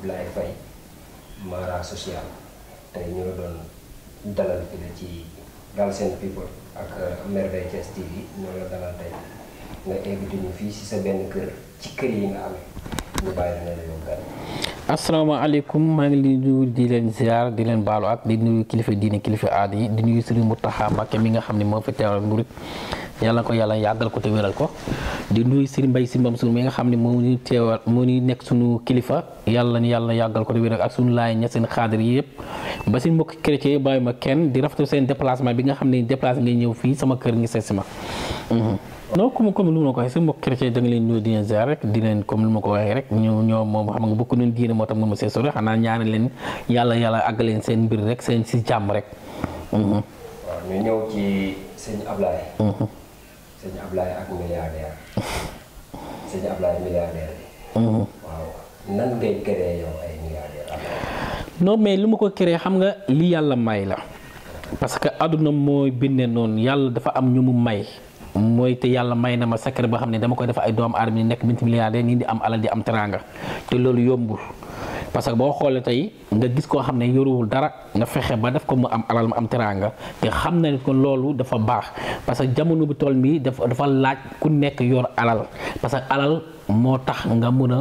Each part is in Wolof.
Abdoulaye Faye Mara social tey ñu la doon dalal fi la ci Galsen People ak euh, Merveille Thiès TV ñoo la dalal tey nga invité ñu fii si sa benn kër ci kër yi nga amee ñu bàyyi la ne la asalaamaaleykum maa ngi leen di nuyu di leen ziar di leen baalu ak di nuyu kilifa diine kilifa aada yi di nuyu Serigne Mountakha Mbacké mi nga xam ne moo fi teewal murid yàlla ko yàlla yàggal ko te wéral ko di nuyu sëriñ Mbay Si Mansour mi nga xam ne moo ñu teewal moo ñu nekk suñu kilifa yàlla ni yàlla ma kenn di rafetlu seen déplacement bi nga xam ne déplacé ngay ñëw fii sama kër ngi seet si mhm. ko waxee si mbokk chrétien da nga leen ñëw di leen ziar yàlla àgg leen seen mbir rek seen si jàmm rek. Mhm. waaw ñu sëñ mhm. mais lu ma ko créer xam nga li yàlla may la. parce que àdduna mooy bindee noonu yàlla dafa am ñu mu may. mooy te yàlla may na ma secret boo xam ne dama koy def ay doomu aadama yi nekk minti milliardaire nii di am alal di am teraanga te loolu yombul parce que bo xolé tay nga gis ko xamné yoruul dara nga fexé ba daf ko mu am alal mu am teranga te xamné na ko loolu dafa bax parce que jamono bu toll mi dafa dafa laaj ku nekk yor alal parce que alal mo tax nga mëna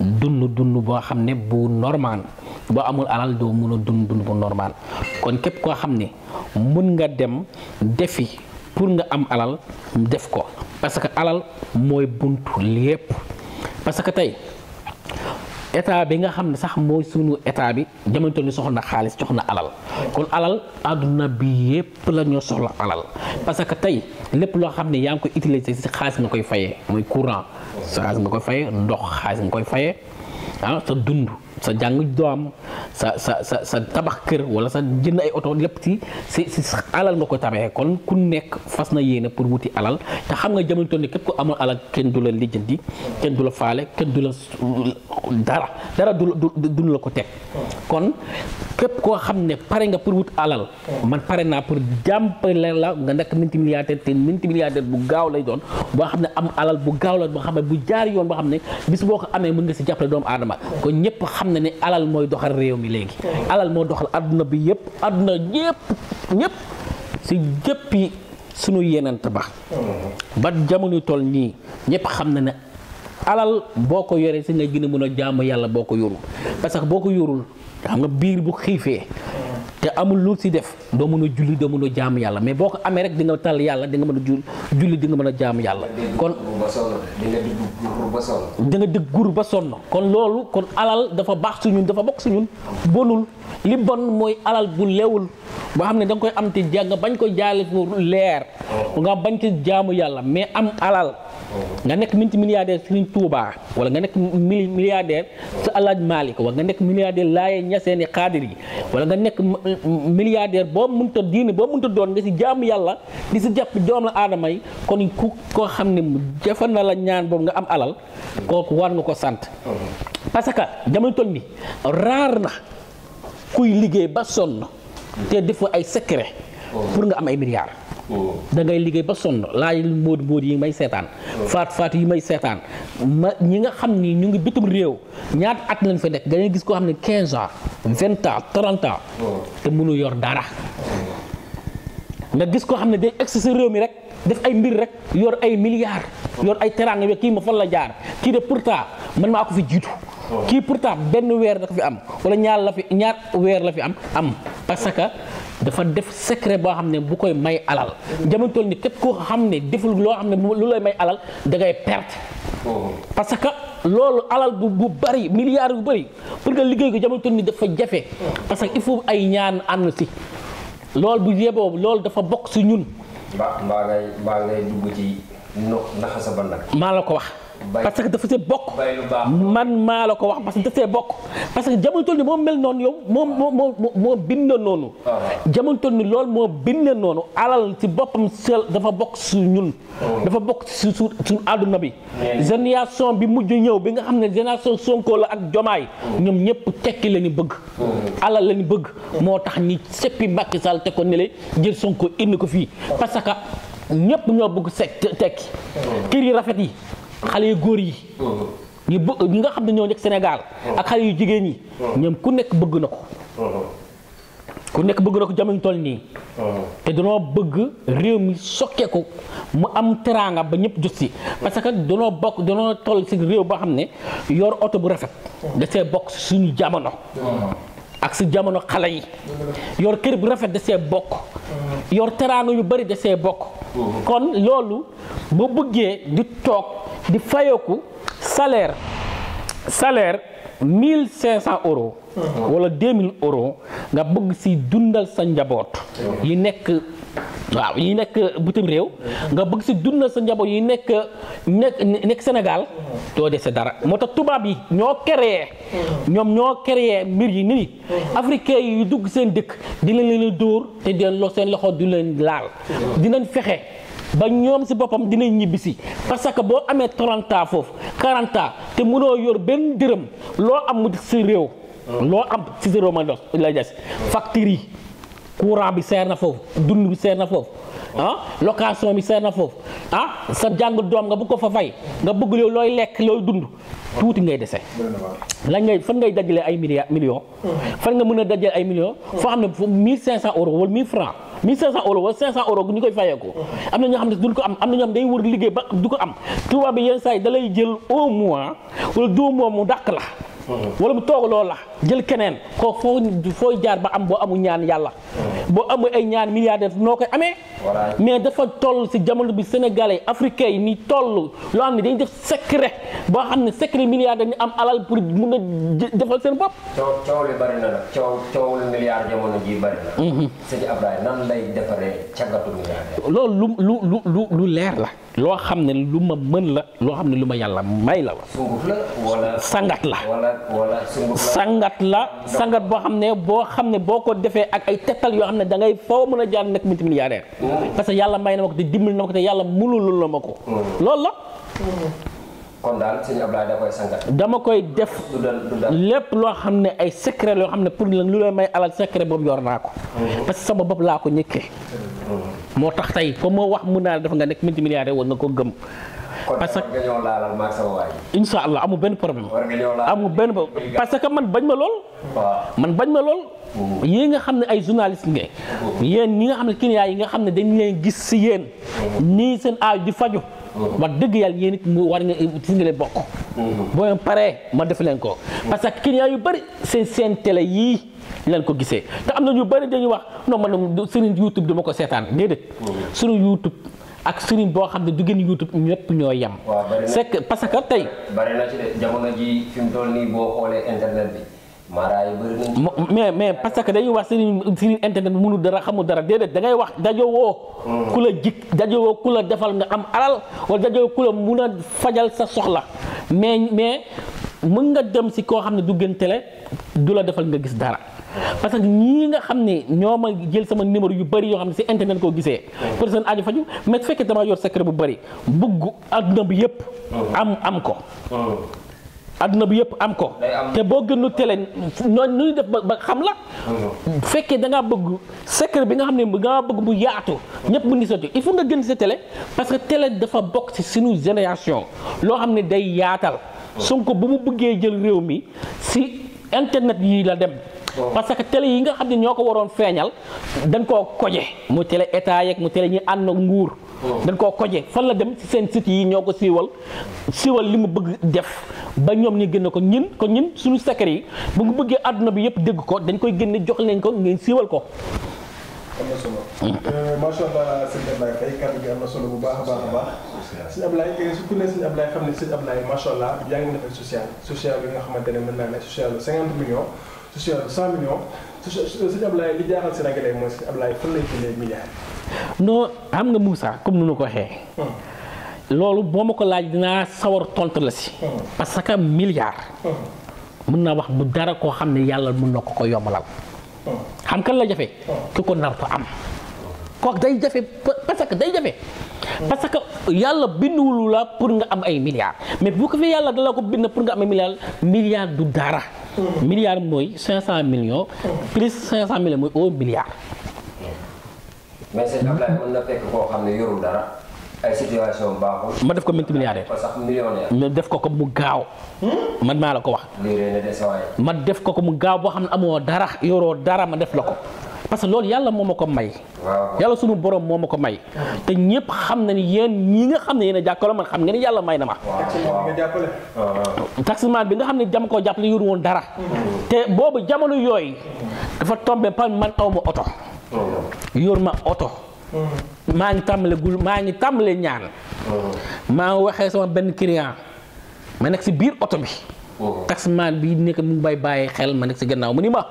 dund dund bo xamné bu normal bo amul alal do mëna dund dund bu normal kon képp ko xamné mën nga dem defi pour nga am alal def ko parce que alal moy buntu lepp parce que tay état bi nga xam ne sax moo sunu état bi jamono ni soxla na xaalis jox na alal kon alal àdduna bi yépp la ñoo soxla alal parce que tey lépp loo xam ne yaa ngi koy utiliser si xaalis nga koy fayee muy courant xaalis nga koy faye ndox xaalis nga koy fayee ah sa dund sa jang do am sa sa sa, sa tabax kër wala sa jënd ay auto lépp ci si si alal nga koy kon ku nek fas na pour wuti alal te xam nga jëmul toll ni képp amul alal kenn dula la lijjanti kenn du la faale kenn dara dara du du la ko teg kon képp ko xam paré nga pour wut alal man paré na pour jàmpale la nga nak minti milliardaire te minti milliardaire bu gaaw lay doon bo xam am alal bu gaaw la bo xam bu jaar yoon bo xam bis boko amé mën nga ci jappalé doom aadama kon ñepp xam xam na ne alal mooy doxal réew mi léegi. alal moo doxal àdduna bi yëpp àdduna yëpp ñëpp si jëppi sunu yenent ba. Mm-hmm. ba jamonoy toll nii ñëpp xam na ne alal boo ko yoree si nga gën a mën a jaamu yàlla boo ko yorul parce boo ko yorul xam nga biir bu xiifee. te amul lu si def doo mën a julli doo mën a jaamu yàlla mais boo ko amee rek dinga nga tal yàlla di nga mën a jul julli di nga mën a jaamu yàlla. kon di nga dëgg gur ba sonn kon loolu kon alal dafa baax su ñun dafa bokk su ñun bonul li bon mooy alal bu leewul boo xam ne danga koy am te ja nga bañ ko jaale pour leer. nga bañ ko jaamu yàlla mais am alal. Oh. nga nek minti milliardaire sëriñ touba wala nga nek milliardaire sa alaj malik wala nga nek milliardaire laye ñaseeni qadiri wala nga nek milliardaire boo munta diine boo munta doon nga si jaamu di ci japp doom la adamay kon ku ko xamne ne la ñaan bo nga am alal ko war nga ko sante oh. parce que jamono toll ni raar na kuy liggey ba son te def ay secret oh. pour nga am ay milliards da ngay liggey ba sonn laajal mod mod yi may setan fat fat yi may setan ñi nga xamni ñu ngi bitum rew ñaat at lañ fa nek da ngay gis ko xamni 15 ans 20 ans 30 ans te mënu yor dara nga gis ko xamni day ex sa rew mi rek def ay mbir rek yor ay milliard yor ay terang wi ki ma fa la jaar ki de pourtant man maa ko fi jitu ki pourtant ben werr da ko fi am wala ñaar la fi ñaar werr la fi am am parce que dafa def secret boo xam ne bu koy may alal jamono toll ni képp koo xam ne deful loo xam ne lu lay may alal da ngay perte parce que loolu alal bu bu bëri milliards bu bëri pour nga liggéey ko jamono ni dafa jafe parce que il faut ay ñaan ànd si lool bu yeboo loolu dafa bokk si ñun mbaa mbaa ngay mbaa ngay dugg ci no naxa sa maa la ko wax parce que dafa see bokk man maa la ko wax parce que dafa see bokk parce que jamono toll ni moo mel noonu yow moo moo moo moo bind noonu ah, jamono toll ni loolu moo bind noonu alal ci boppam sel dafa bokk su ñun oh. dafa bokk su su suñu àdduna bi génération bi mujj ñëw bi nga xam ne génération Sonko la ak Jomaay oh. ñoom ñëpp tekki la ñu bëgg oh. alal la ñu bëgg moo tax ni seppi Macky Sall te ko nele jël Sonko indi ko fii parce que ñëpp ñoo bëgg se tekki kër yi rafet yi xale yu góor yi. ñu bë ñi nga xam ne ñoo nekk Sénégal. ak xale yu jigéen ñi. ñoom ku nekk bëgg na ko. ku nekk bëgg na ko jamono toll nii. te danoo bëgg réew mi sokkeeku mu am teraanga ba ñëpp jot si. parce que danoo bokk danoo toll si réew boo xam ne yor oto bu rafet. da see bokk suñu jamono. ak si jamono xale yi. yor kër bu rafet da see bokk. yor teraanga yu bari da see bokk. kon loolu bu bëggee di toog. di fayoku salaire salaire mille cinq euro wala deux mille euros nga bëgg si dundal sa njaboot yi nekk waaw yi nekk bitim réew nga bëgg si dundal sa njaboot yi nekk nekk senegal Sénégal doo dese dara moo tax tubaab yi ñoo créé ñoom ñoo créé mbir yi nii africain yi dugg seen dëkk dinañ leen dóor te dinañ loo seen loxo du leen laal dinañ fexe ba ñoom si boppam dinañ ñibbisi parce que boo amee 30 ans foofu 40 te munoo yor benn dërëm loo am mu si réew. loo am si sa réew ma dox lay des. factures yi courant bi seer na foofu dund bi seer na foofu. ah location bi seer na foofu ah sa jàng doom nga bëgg ko fa fay nga bëgg yow looy lekk looy dund tuuti ngay dese lan ngay fan ngay dajale ay milliards millions hmm. fan nga mën a dajale ay millions foo xam ne foofu 1500 euros wala 1000 francs 1500 euros wala 500 euros ñu koy fayeeku am na ñoo xam ne duñ ko am am na ñoo xam ne day wër liggéey ba du ko am tubaab bi yenn saa yi da lay jël au mois wala deux mois mu dàq la wala mu toog loolu la jël keneen ko foo fooy jaar ba am boo amul ñaan yàlla boo amul ay ñaan milliardaire noo koy amee mais dafa toll si jamono bi sénégalais africains yi ni toll loo xam ne def secret boo xam ne secret milliardaire ni am alal pour mun a defal seen bopp coow li bari na nag coow coow milliard mhm. loolu lu lu lu leer la loo xam ne lu ma mën la loo xam ne lu ma yàlla may la wa sangat la sangat la sangat boo xam ne boo xam ne boo ko defee ak ay tegtal yoo xam ne dangay foo mën a jaar nekk multimilliardaire mm. parce que yàlla may na ma ko te dimbali na ma ko yàlla mululul na ma ko mm. lool la kon daal sëñ dama koy def lépp loo xam ne ay secret loo xam ne pour lu la may alal secret boobu yor naa ko mm. parce que sama bopp laa ko ñëkkee moo tax tey ko moo wax mun naa def nga nekk multimilliardaire war nga ko gëm parce que incha allah amul benn problème amul benn parce que man bañ ma lool. man bañ ma lool. yéen nga xam ne ay journaliste nga yéen ñi nga xam ne client yi nga xam ne dañ leen gis si yéen. ni seen aay di faju wax dëgg yàlla yéen it mu war nga si nga leen bokk. boo leen paree ma def leen ko. parce que client yu bëri seen seen télé yii. leen ko gisee te am na ñu bëri dañuy wax non man seen YouTube dama ko seetaan déedéet. sunu YouTube. ak sëriñ boo xam ne du gën YouTube ñëpp ñoo yem. c'est que parce que tey. mais mais parce que dañuy wax seen seen internet bi mënu dara xamul dara déedéet da ngay wax dajowoo. Hmm. ku la jik dajowoo ku la defal nga am alal wala dajowoo ku mun a fajal sa soxla mais mais mën nga dem si koo xam ne du gën télé du la defal nga gis dara. parce que ñii nga xam ne ñoo ma jël sama numéro yu bëri yoo xam ne si internet koo gisee. personne aju faju mais fekkee damaa yor secret bu bëri bugg adduna bi yëpp. am am ko. adduna bi yëpp am ko. te boo gënu tele noonu def ba xam la. Mm-hmm. fekkee da ngaa bëgg secret bi nga xam ne da ngaa bëgg mu yaatu. ñëpp mu ngi sotti il faut nga gën sa télé parce que télé dafa bokk si suñu génération loo xam ne day yaatal. Mm-hmm. ko bu mu bëggee jël réew mi si internet yi la dem. parce que télé yi nga xam ne ñoo ko waroon feeñal dañ koo koje mu télé état yeeg mu télé ñi ànd nguur dañ koo koje fan la dem ci seen site yi ñoo ko siwal siwal li mu bëgg def ba ñoom ñu génne ko ñin ko ñin suñu secret yi bu mu bëggee àdduna bi yëpp dégg ko dañ koy génne jox leen ko ngeen siwal ko am na solo euh, macha solo bu baax a baax a baax sëñ Ablaye euh, xam ne sëñ Ablaye macha allah yaa ngi defal bi nga xamante ne mën naa ne social 50 touché 100 millions sëñ Ablaye li jaaxal Sénégalais mooy sëñ Ablaye fan lay jëlee milliards non am nga Moussa comme nu ko xé hmm. lolu boo ko laaj dina sawar tontu la si hmm. parce que milliard mën hmm. na wax bu dara ko xamné yalla mën nako ko yomalal xam kan la jafé ki ko nar ko am ko day jafé parce que day jafé parce que yalla binduwulu pour nga am ay milliards mais bu ko fi yalla da la ko bind pour nga am ay milliards milliards du dara milliard mooy 500 millions. plus 500 millions mooy un milliard. mais sëñ ma def ko minti milliardaire. ko sax ma def ko ko mu gaaw. man maa la ko wax. ma def ko ko mu gaaw boo xam ne amoo dara yoroo dara ma def la ko. parce que loolu yàlla moo ma ko may. yàlla sunu borom moo ma ko may. te ñëpp xam na ni yéen ñi nga xam ne yéen a jàkkaarloo man xam nga ni yàlla may na ma. taximan bi nga xam ne jam koo jàppale yoru woon dara. te boobu jamono yooyu. dafa tombe par man aw oto. yor ma oto. maa ngi tàmbale gul maa ngi tàmbale ñaan. maa ngi waxee sama benn client. ma nekk si biir oto bi. tax oh. taximan bi nekk mu bay bàyyi xel ma nekk ci gannaaw mu ni ma.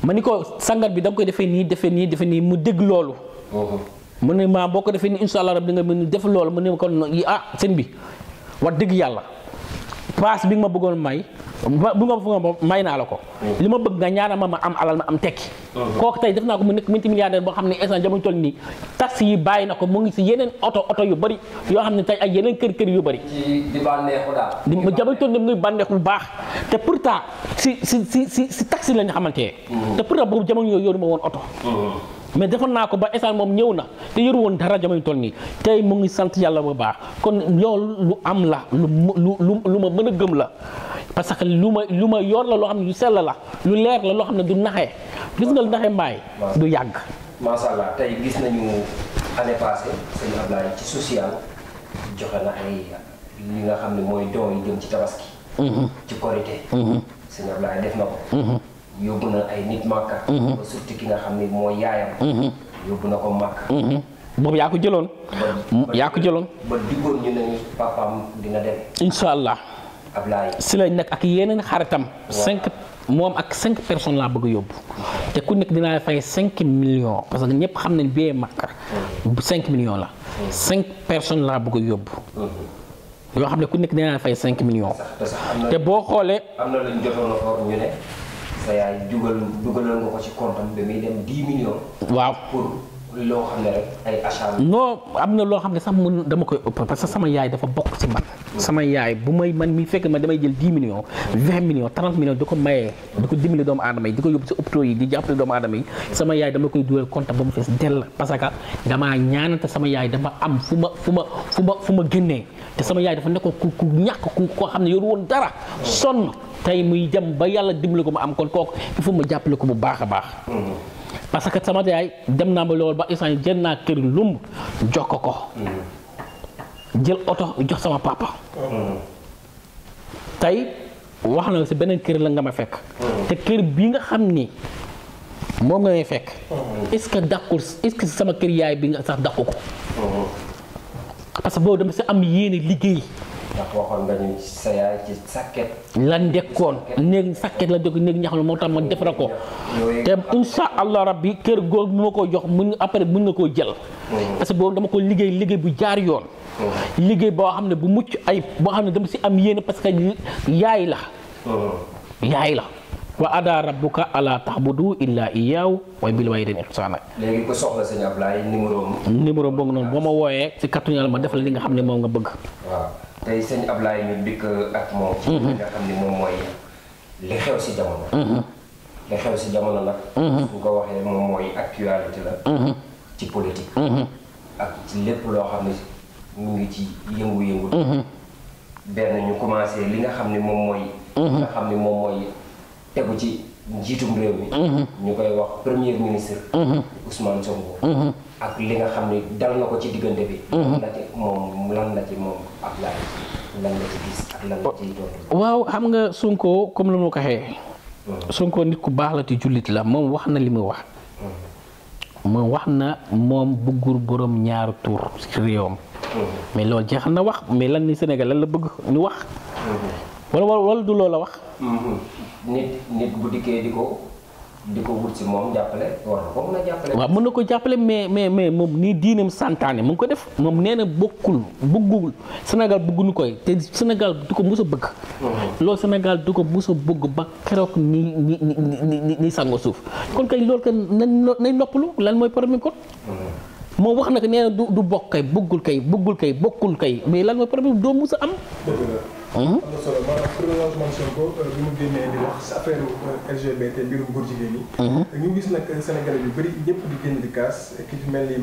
ma ni ko sangat bi da nga koy defee nii defee nii defe nii mu dégg loolu. Uh-huh. mu ne maa boo ko defee nii incha allah rabi di nga mën def loolu mu ne ko ah seen bi wax dégg yàlla. paas bi nga ma bëggoon may bu naa la ko li ma bëgg nga ñaanal ma am alal ma am tekki uh-huh. kooku tey def naa ko mu nekk multimilliardaire boo xam ne instant jamono toll nii taxi yi bàyyi na ko mu ngi si yeneen oto oto yu bëri yoo xam ne tey ak yeneen kër kër yu bëri di bànneexu daal jamono toll nii muy bànneexu bu baax te pourtant si si si si si taxi lañu xamante uh-huh. te pourtant boobu jamono yooyu yoo ma woon oto uh-huh. mais defoon naa ko ba esaan moom ñëw na te yër woon dara jamono toll nii tey mu ngi sant yàlla bu baax kon loolu lu am la lu lu lu ma mën a gëm la parce que lu ma lu ma yoor la loo xam ne lu sell la lu leer la loo xam ne du naxee gis nga lu naxee mbaay du yàgg macha allah tey gis nañu année passée sëñ Ablaye ci social joxe na ay li nga xam ne mooy don yi jëm ci tabaski mhm. ci korité mhm. sëñ Ablaye def na ko mhm. yóbbu na ay nit mhm. ki nga xam ne moo yaayam mhm. yóbbu na ko màkk mhm. boobu yaa ko jëloon yaa ko jëloon ba allah si la nag ak yeneen xaritam cinq moom ak cinq personnes laa bëgg yóbbu te ku nekk dinaa fay cinq million parce que ñëpp xam nañ bee Makka mm. cinq million la mm. cinq personnes laa bëgg a yóbbu mm-hmm. yoo xam ne ku nekk dinaa fay cinq millions te boo xoolee sa yaay dugal dugalal nga ko ci waaw pour am na loo xam ne sax mun dama koy ëpp parce que sama yaay dafa bokk si man. sama yaay bu may man mi fekk ma damay jël 10 millions. 20 millions 30 millions di ko mayee. di ko dimbali doomu aadama yi di ko yóbbu ci hôpitaux yi di jàppale doomu aadama yi. sama yaay dama koy dugal compte ba mu fees dell parce que damaa ñaanata sama yaay dama am fu ma fu ma fu ma fu ma génnee. te sama yaay dafa nekkoon ku ku ñàkk ku koo xam ne yoru woon dara sonn tey muy dem ba yàlla dimbali ko ma am kon kooku il faut ma jàppale ko bu baax a baax parce que sama yaay dem naa ma loolu ba instant jël naa kër lumb jox ko ko jël oto jox sama papa tey wax na si beneen kër la nga ma fekk te kër bi nga xam ni moom nga may fekk est-ce que dàqul sama kër yaay bi nga sax dàqu ko parce que boobu dama si am yéene liggéey. ndax waxoon nga ñu néeg sàkket la dëkk néeg ñax la moo tax ma defara ko. te insha allah rabbi kër góor bi ma ko jox mun après mun nga koo jël. Mm-hmm. parce que boobu dama ko liggéey liggéey bu jaar yoon. Mm-hmm. liggéey boo xam ne bu mucc ay boo xam ne dama si am yéene parce que yaay la. Mm-hmm. yaay la. wa adaa rabbuka alaa taxbudu illaa iyyaahu wa bil waalidayni ihsaana. léegi ko soxla sëñ Ablaye numéro am. numéro boobu noonu boo ma wooyee si kàttu yàlla ma def li nga xam ne moom nga bëgg. waaw tey sëñ Ablaye ñu dikk ak moom. Mhm. li nga xam ne moom mooy li xew si jamono. Mhm. li xew si jamono nag. bu mhm. ko waxee moom mooy actualité la. ci politique. ak ci lépp loo xam ne mu ngi ci yëngu-yëngu. benn ñu commencé li nga xam ne moom mooy. nga tegu ci njiitum réew mi. Mhm. ñu koy wax premier ministre. Mhm. Ousmane Sonko. Mhm. ak li nga xam ne dal na xam nga Sonko comme lu ma ko waxee. Sonko nit ku baax la te jullit la moom wax na li muy wax. moom wax na moom bëggul boroom ñaari tur ci réewam. mais loolu jeexal na wax mais lan ni Sénégal lan la bëgg ñu wax. wala wala du loolu la wax. Mhm. nit nit bu dikkee di ko di ko wut si moom jàppale mën waaw mën na ko jàppale mais mais mais moom nii diinam santaane mu ngi ko def moom nee na bokkul bëggul Sénégal bëgguñu koy te Sénégal du ko mës a bëgg. Mhm. du ko mës a bëgg ba keroog ni ni ni ni suuf kon kay lool kay nañ nañ lan mooy problème kon. Mhm. moo wax nag nee du du bokk kay bëggul kay bëggul kay bokkul kay mais lan mooy problème doo mës am. am na solo maanaam président Ousmane Sonko euh, bi mu génnee yu bëri ñëpp di génn di kaas ki ci mel ni euh,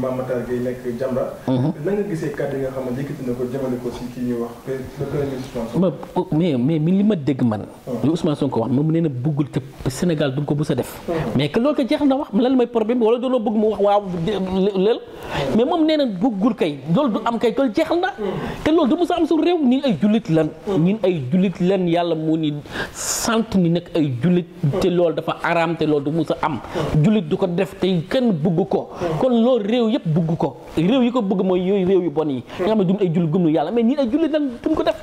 mais mais li ma dégg man. li Ousmane Sonko wax moom nee du ko bës a def. mais que jeex na wax lan mooy problème wala doonoo bëgg mu wax waaw mais moom nee na bëggul kay loolu du am kay loolu jeexal na. te loolu du mos a am su réew ni ay jullit lan ñun ay jullit lan yàlla moo ni sant ni nag ay jullit te loolu dafa araam te loolu du mu a am jullit du ko def te kenn bugg ko kon lool réew yëpp bugg ko réew yi ko bëgg mooy yooyu réew yu bon yi nga xam ne duñ ay jullit gëm yàlla mais ñun ay jullit lan duñ ko def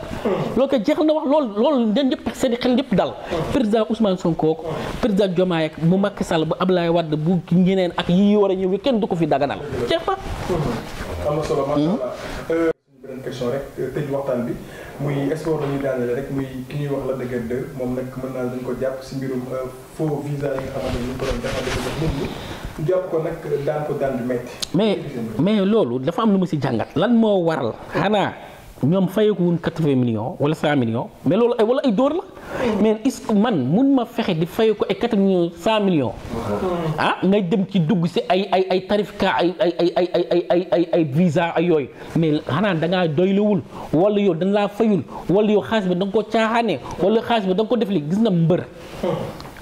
lool ko jeexal na wax loolu loolu den yëpp seen xel yëpp dal président Ousmane Sonko président Diomaye ak bu Macky Sall bu Abdoulaye Wade bu ñeneen ak yi war a ñëw kenn du ko fi daganal jeex na muy espoir la ñuy daanale rek muy ki ñuy wax la dëgër de moom nag mën naa dañ ko jàpp si mbirum euh, faux visa yi nga xamante ni ñu ko nag daan ko daan du métti. mais mais loolu dafa am lu mu si jàngat. lan moo waral xanaa ñoom fayeku wuñ quatre-vingts millions wala cent millions mais loolu ay wala ay dóor la. mais est-ce que man mun ma fexe di fay ko ay quatre millions cent millions. ah ngay dem ci dugg si ay ay ay tarif ka ay ay ay ay ay ay ay ay visa ay yooyu mais xanaa da doylewul wala yow dañ laa fayul wala yow xaalis bi danga nga ko caaxaane wala xaalis bi da nga ko def li gis na mbër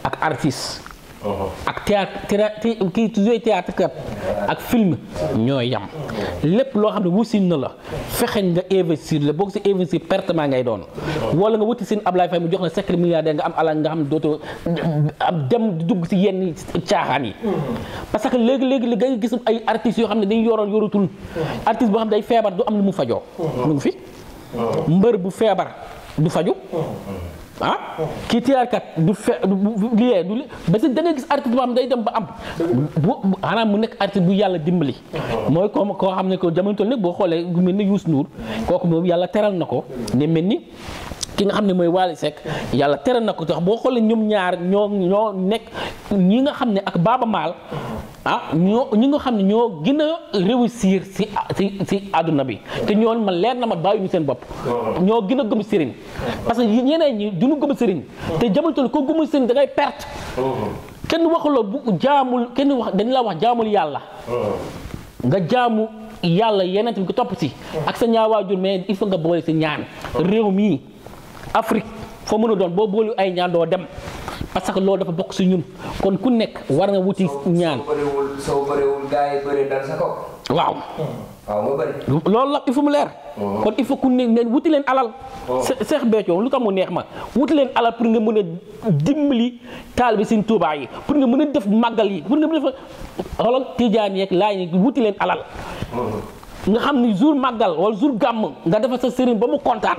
ak artiste. ak théâtre kii joué théâtre kat ak film ñooy yam lépp loo xam ne wusin na la fexe nga investir la boo ko si per pertement ngay doon wala nga wuti seen Ablaye Faye mu jox la secret milliardaire nga am alal nga xam dooto am dem dugg si yenn caaxaan yi parce que léegi-léegi li ngay gis ay artistes yoo xam ne dañ yoroon yoratul artiste boo xam ne day feebar du am lu mu fajoo mu fi oh. mbër bu feebar du faju ah kii tiraarkat du fe du liyee du ba si da ngay gis artiste boo xam day dem ba am bu xanaa mu nekk artiste bu yàlla dimbali mooy comme koo xam ne ko jamono toll boo xoolee ku mel ni Youssou Ndour kooku moom yàlla teral na ko ne mel ki nga xam ne mooy Wally yàlla tere na ko tax boo xoolee ñoom ñaar ñoo ñoo nekk ñi nga xam ne ak Baaba Maal ah ñoo ñi nga xam ne ñoo gën a réussir si si si àdduna bi te ñoo ma leer na ma bàyyi ñu seen bopp ñoo gën a gëm sëriñ parce que ñeneen ñi duñu gëm sëriñ te jamono ko gëmul sëriñ da ngay perte kenn waxuloo bu jaamul kenn wax dañ la wax jaamul yàlla nga jaamu yàlla yeneen bi ko topp si ak sa ñaawaajur mais il faut nga boole si ñaan réew mii Afrique foo mën a doon boo boolu ay ñaan dem parce que loolu dafa bokk si ñun kon ku nekk war nga wuti ñaan. soo bëriwul gars yi waaw. loolu la il faut mu leer. Mm-hmm. kon il faut ku ne wuti leen alal. Mm-hmm. Seex Béthio lu tax mu neex ma wuti leen alal pour nga mën a dimbali taalibe Sëñ Tuubaa yi pour nga mën a def màggal yi pour nga mën a def xoolal tijaan yeeg laay yi wuti leen alal. Mm-hmm. nga xam ni jour màggal wala jour gàmm nga defal sa sëriñ ba mu kontaan.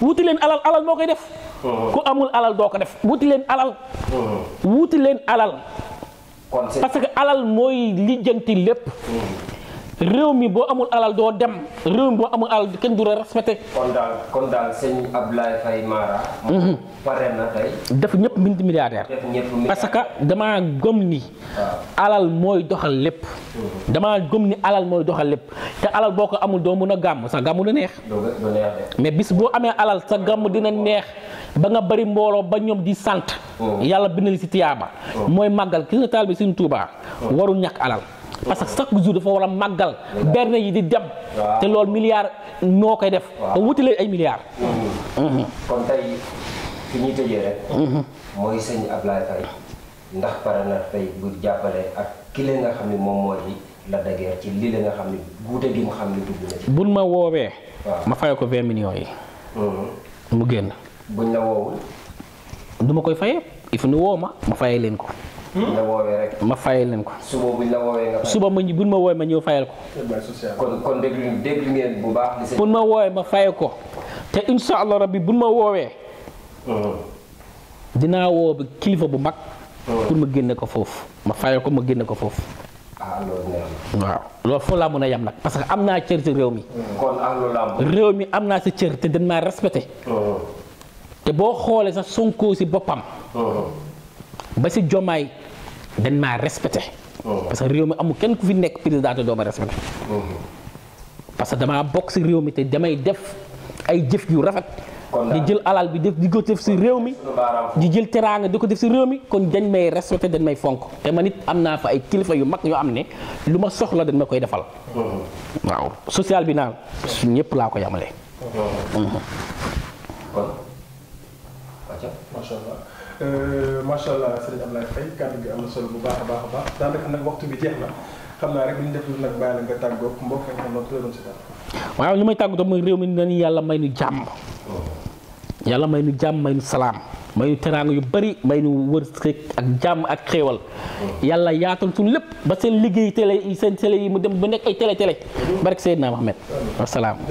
wuti leen alal alal moo koy def. Oh. ku amul alal doo ko def wuti leen alal. Oh. wuti leen alal. parce que alal mooy lijjanti lépp. Oh. réew mi boo amul alal doo dem réew mi boo amul alal kenn du la respecté. kon kon daal sëñ mhm. def ñëpp mbind milliardaire. parce que damaa gëm ni. alal mooy doxal lépp. Mhm. damaa gëm ni alal mooy doxal lépp te alal boo ko amul doo mun a gàmm sa gàmm du neex. mais bis boo amee alal sa gàmm dina neex ba nga bari mbooloo ba ñoom di sant. Mhm. yàlla bind li si tiyaaba. mooy màggal ki nga taal bi suñu Tuubaa waru ñàkk alal. parce que chaque jour dafa war a màggal berne yi di dem te loolu milliards noo koy def te wutilee ay milliards mm-hmm. Mm-hmm. kon tey mm-hmm. mooy sëñ Ablaye Faye ndax pare na tey bu jàppale ak ki la nga xam ne moom moo di la dageer ci lii la nga xam ne guute buñ ma woowee ma fay ko vingt millions yi mu génn buñ la woowul du koy fayee il faut ñu ma ma fayee leen ko Hmm? ma fayal leen ko. suba buñ la woowee nga ma buñ ma woowee ma ñëw fayal ko. kon bu baax. ma woowee ma fayal ko te incha allah rabbi buñ ma woowee. Hmm. dinaa woo ba kilifa bu mag. Hmm. pour ma génne ko foofu ma fayal ko ma génne ko foofu. Ah, waaw loolu foo laa mën a yam nag parce que am naa cër ci réew mi. Ah, réew mi am naa si cër te dañ maa te boo xoolee sax Sonko si boppam. ba si Jomaay. dañ maa respecté. Oh. parce que réew mi amul kenn ku fi nekk président te doo ma respecté. Oh. parce que damaa bokk si réew mi te damay def ay jëf yu rafet. di jël alal bi def di ko def si réew mi. di jël teraanga di ko def si réew mi kon dañ may respecté dañ may fonk te man it am naa fa ay kilifa yu mag yoo am ne lu ma soxla dañ ma koy defal. Oh. waaw social bi naan su ñëpp laa ko yamale. Mm-hmm. Euh, macha allah sëriñ Ablaye Faye kàddu gi am na solo bu baax a baax a baax daanaka nag waxtu bi jeex na xam naa rek li ñu def nag bàyyi la nga tàggoog mbokk ak mbokk la doon si dara. waaw li may tàggatoo mooy réew mi nañu yàlla may nu jàmm. yàlla may nu jàmm may nu salaam. may nu teraanga yu bari may nu wërsëg ak jàmm ak xéewal. yàlla yaatal suñu lépp ba seen liggéey télé seen télé yi mu dem ba nekk ay télé télé. barke Seydina Mohamed. wa salaam.